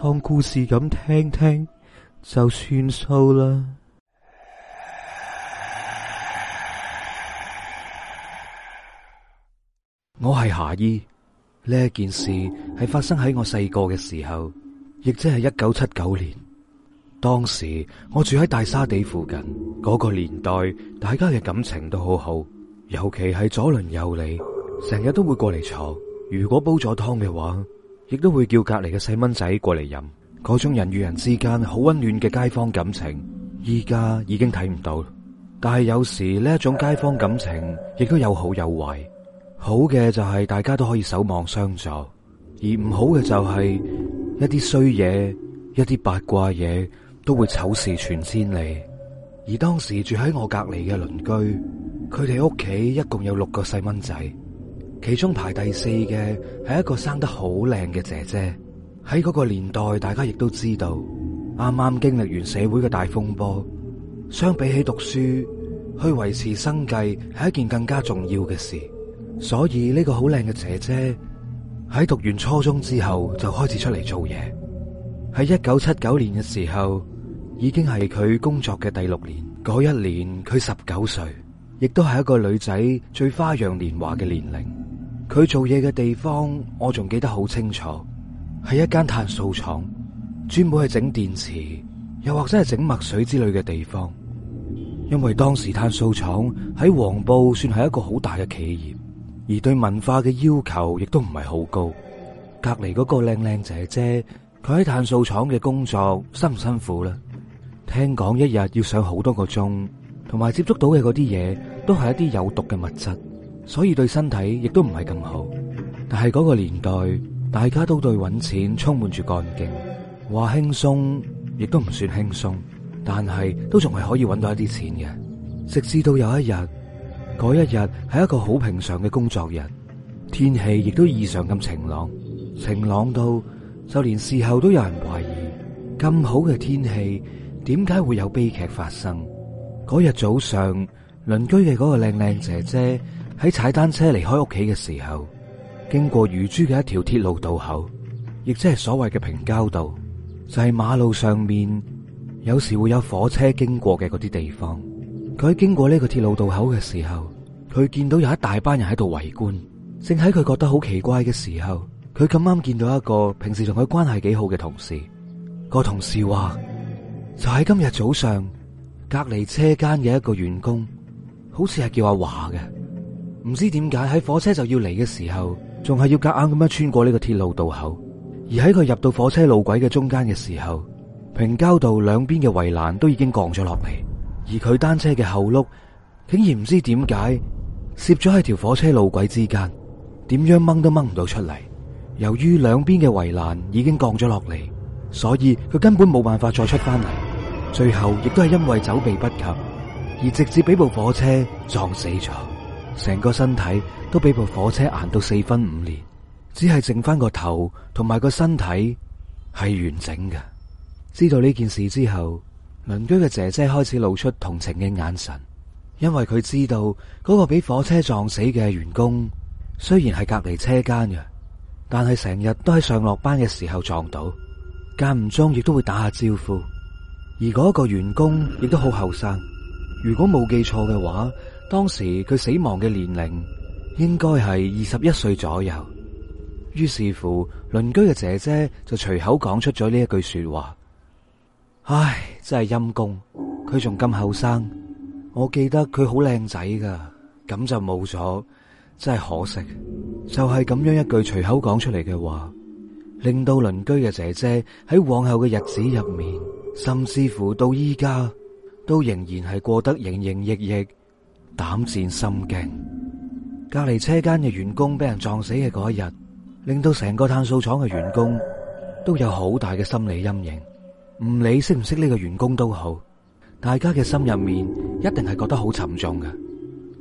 當故事咁聽聽就算數啦。我係夏姨，呢件事係發生喺我細個嘅時候，亦即係一九七九年。當時我住喺大沙地附近，嗰、那個年代大家嘅感情都好好，尤其係左鄰右里，成日都會過嚟坐。如果煲咗湯嘅話，亦都會叫隔籬嘅細蚊仔過嚟飲，嗰種人與人之間好溫暖嘅街坊感情，依家已經睇唔到。但係有時呢一種街坊感情亦都有好有壞，好嘅就係大家都可以守望相助，而唔好嘅就係一啲衰嘢、一啲八卦嘢都會醜事傳千里。而當時住喺我隔籬嘅鄰居，佢哋屋企一共有六個細蚊仔。其中排第四嘅係一個生得好靚嘅姐姐，喺嗰個年代，大家亦都知道，啱啱經歷完社會嘅大風波，相比起讀書，去維持生計係一件更加重要嘅事。所以呢個好靚嘅姐姐喺讀完初中之後就開始出嚟做嘢。喺一九七九年嘅時候，已經係佢工作嘅第六年。嗰一年佢十九歲，亦都係一個女仔最花樣年華嘅年齡。佢做嘢嘅地方，我仲記得好清楚，係一間碳素廠，專門去整電池，又或者係整墨水之類嘅地方。因為當時碳素廠喺黃埔算係一個好大嘅企業，而對文化嘅要求亦都唔係好高。隔離嗰個靚靚姐姐，佢喺碳素廠嘅工作辛唔辛苦咧？聽講一日要上好多個鐘，同埋接觸到嘅嗰啲嘢都係一啲有毒嘅物質。所以對身體亦都唔係咁好，但係嗰個年代，大家都對搵錢充滿住幹勁，話輕鬆亦都唔算輕鬆，但係都仲係可以搵到一啲錢嘅。直至到有一日，嗰一日係一個好平常嘅工作日，天氣亦都異常咁晴朗，晴朗到就連事後都有人懷疑，咁好嘅天氣點解會有悲劇發生？嗰日早上，鄰居嘅嗰個靚靚姐姐。喺踩單車離開屋企嘅時候，經過魚珠嘅一條鐵路道口，亦即係所謂嘅平交道，就係馬路上面有時會有火車經過嘅嗰啲地方。佢喺經過呢個鐵路道口嘅時候，佢見到有一大班人喺度圍觀。正喺佢覺得好奇怪嘅時候，佢咁啱見到一個平時同佢關係幾好嘅同事。個同事話，就喺今日早上，隔籬車間嘅一個員工，好似係叫阿華嘅。唔知點解喺火車就要嚟嘅時候，仲係要夾硬咁樣穿過呢個鐵路道口。而喺佢入到火車路軌嘅中間嘅時候，平交道兩邊嘅圍欄都已經降咗落嚟。而佢單車嘅後轆竟然唔知點解，攝咗喺條火車路軌之間，點樣掹都掹唔到出嚟。由於兩邊嘅圍欄已經降咗落嚟，所以佢根本冇辦法再出翻嚟。最後亦都係因為走避不及，而直接俾部火車撞死咗。成個身體都俾部火車壓到四分五裂，只係剩翻個頭同埋個身體係完整嘅。知道呢件事之後鄰居嘅姐姐開始露出同情嘅眼神，因為佢知道嗰個俾火車撞死嘅員工，雖然係隔籬車間嘅，但係成日都喺上落班嘅時候撞到，間唔中亦都會打下招呼。而嗰個員工亦都好後生，如果冇記錯嘅話。當時佢死亡嘅年齡應該係二十一歲左右，於是乎鄰居嘅姐姐就隨口講出咗呢一句說話。唉，真係陰公，佢仲咁後生。我記得佢好靚仔噶，咁就冇咗，真係可惜。就係、是、咁樣一句隨口講出嚟嘅話，令到鄰居嘅姐姐喺往後嘅日子入面，甚至乎到依家都仍然係過得營營役役。膽戰心驚，隔籬車間嘅員工俾人撞死嘅嗰一日，令到成個碳素廠嘅員工都有好大嘅心理陰影。唔理識唔識呢個員工都好，大家嘅心入面一定係覺得好沉重嘅。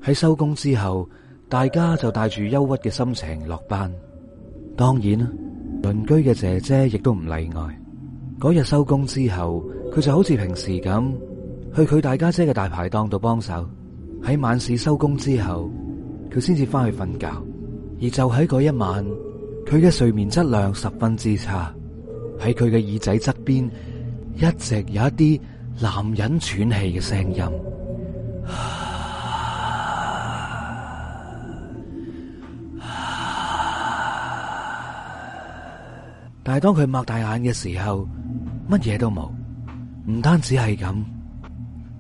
喺收工之後，大家就帶住憂鬱嘅心情落班。當然啦，鄰居嘅姐姐亦都唔例外。嗰日收工之後，佢就好似平時咁去佢大家姐嘅大排檔度幫手。喺晚市收工之後，佢先至翻去瞓覺，而就喺嗰一晚，佢嘅睡眠質量十分之差。喺佢嘅耳仔側邊，一直有一啲男人喘氣嘅聲音。但係當佢擘大眼嘅時候，乜嘢都冇。唔單止係咁。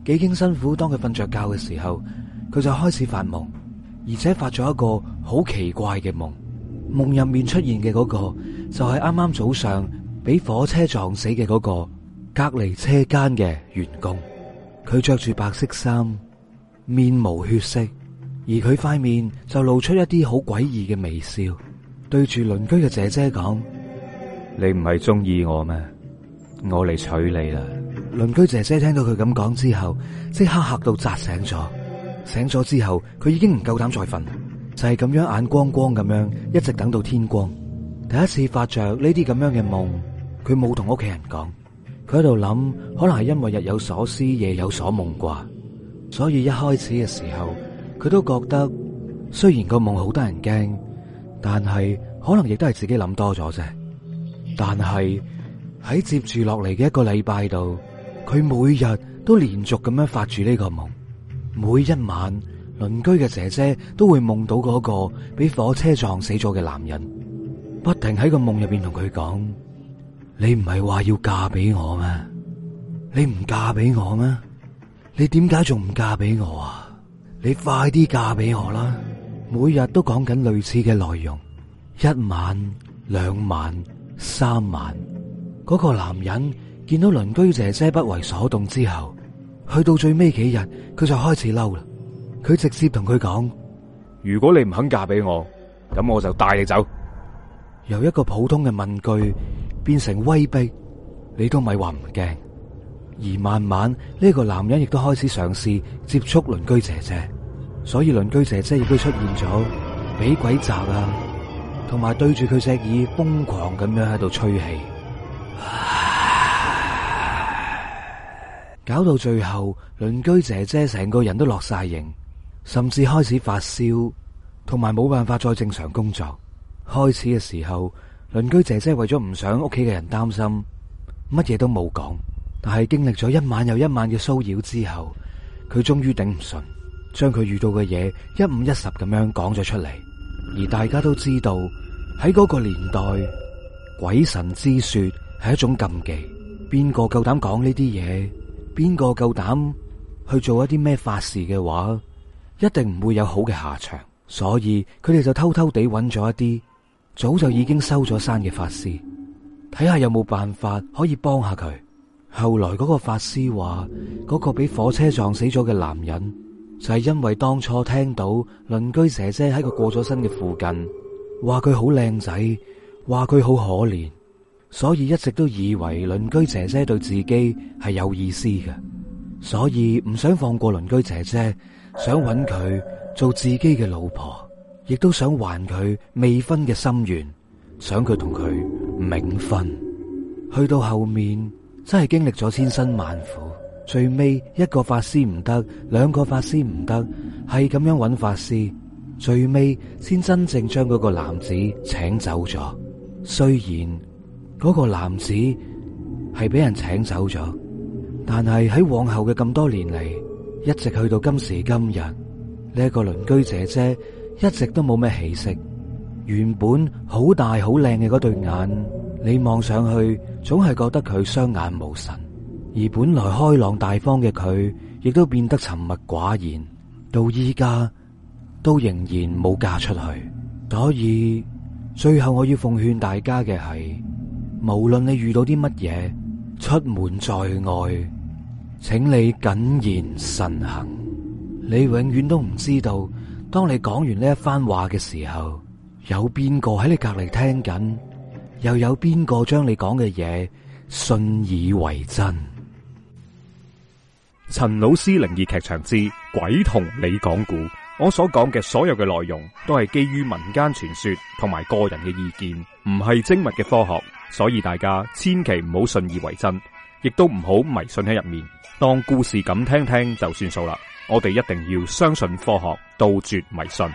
幾經辛苦，當佢瞓着覺嘅時候，佢就開始發夢，而且發咗一個好奇怪嘅夢。夢入面出現嘅嗰個，就係啱啱早上俾火車撞死嘅嗰個隔籬車間嘅員工。佢着住白色衫，面無血色，而佢塊面就露出一啲好詭異嘅微笑，對住鄰居嘅姐姐講：你唔係中意我咩？我嚟娶你啦！鄰居姐姐聽到佢咁講之後，即刻嚇到扎醒咗。醒咗之後，佢已經唔夠膽再瞓，就係咁樣眼光光咁樣，一直等到天光。第一次發着呢啲咁樣嘅夢，佢冇同屋企人講。佢喺度諗，可能係因為日有所思夜有所夢啩。所以一開始嘅時候，佢都覺得雖然個夢好得人驚，但係可能亦都係自己諗多咗啫。但係喺接住落嚟嘅一個禮拜度。佢每日都連續咁樣發住呢個夢，每一晚鄰居嘅姐姐都會夢到嗰個俾火車撞死咗嘅男人，不停喺個夢入邊同佢講：你唔係話要嫁俾我咩？你唔嫁俾我咩？你點解仲唔嫁俾我啊？你快啲嫁俾我啦！每日都講緊類似嘅內容，一晚、兩晚、三晚，嗰個男人。見到鄰居姐姐不為所動之後，去到最尾幾日，佢就開始嬲啦。佢直接同佢講：如果你唔肯嫁俾我，咁我就帶你走。由一個普通嘅問句變成威逼，你都咪話唔驚。而慢慢呢個男人亦都開始嘗試接觸鄰居姐姐，所以鄰居姐姐亦都出現咗、啊，俾鬼襲啦，同埋對住佢隻耳瘋狂咁樣喺度吹氣。搞到最後，鄰居姐姐成個人都落晒型，甚至開始發燒，同埋冇辦法再正常工作。開始嘅時候，鄰居姐姐為咗唔想屋企嘅人擔心，乜嘢都冇講。但係經歷咗一晚又一晚嘅騷擾之後，佢終於頂唔順，將佢遇到嘅嘢一五一十咁樣講咗出嚟。而大家都知道，喺嗰個年代，鬼神之說係一種禁忌，邊個夠膽講呢啲嘢？邊個夠膽去做一啲咩法事嘅話，一定唔會有好嘅下場。所以佢哋就偷偷地揾咗一啲早就已經收咗山嘅法師，睇下有冇辦法可以幫下佢。後來嗰個法師話，嗰、嗰個俾火車撞死咗嘅男人就係、係、因為當初聽到鄰居姐姐喺佢過咗身嘅附近，話佢好靚仔，話佢好可憐。所以一直都以為鄰居姐姐對自己係有意思嘅，所以唔想放過鄰居姐姐，想揾佢做自己嘅老婆，亦都想還佢未婚嘅心願，想佢同佢冥婚。去到後面真係經歷咗千辛萬苦，最尾一個法師唔得，兩個法師唔得，係咁樣揾法師，最尾先真正將嗰個男子請走咗。雖然，嗰個男子係俾人請走咗，但係喺往後嘅咁多年嚟，一直去到今時今日，呢一個鄰居姐姐一直都冇咩起色。原本好大好靚嘅嗰對眼，你望上去總係覺得佢雙眼無神，而本來開朗大方嘅佢，亦都變得沉默寡言。到依家都仍然冇嫁出去，所以最後我要奉勸大家嘅係。無論你遇到啲乜嘢，出門在外，請你謹言慎行。你永遠都唔知道，當你講完呢一番話嘅時候，有邊個喺你隔籬聽緊，又有邊個將你講嘅嘢信以為真。陳老師靈異劇場之「鬼同你講故」，我所講嘅所有嘅內容都係基於民間傳說同埋個人嘅意見，唔係精密嘅科學。所以大家千祈唔好信以為真，亦都唔好迷信喺入面，當故事咁聽聽就算數啦。我哋一定要相信科學，杜絕迷信。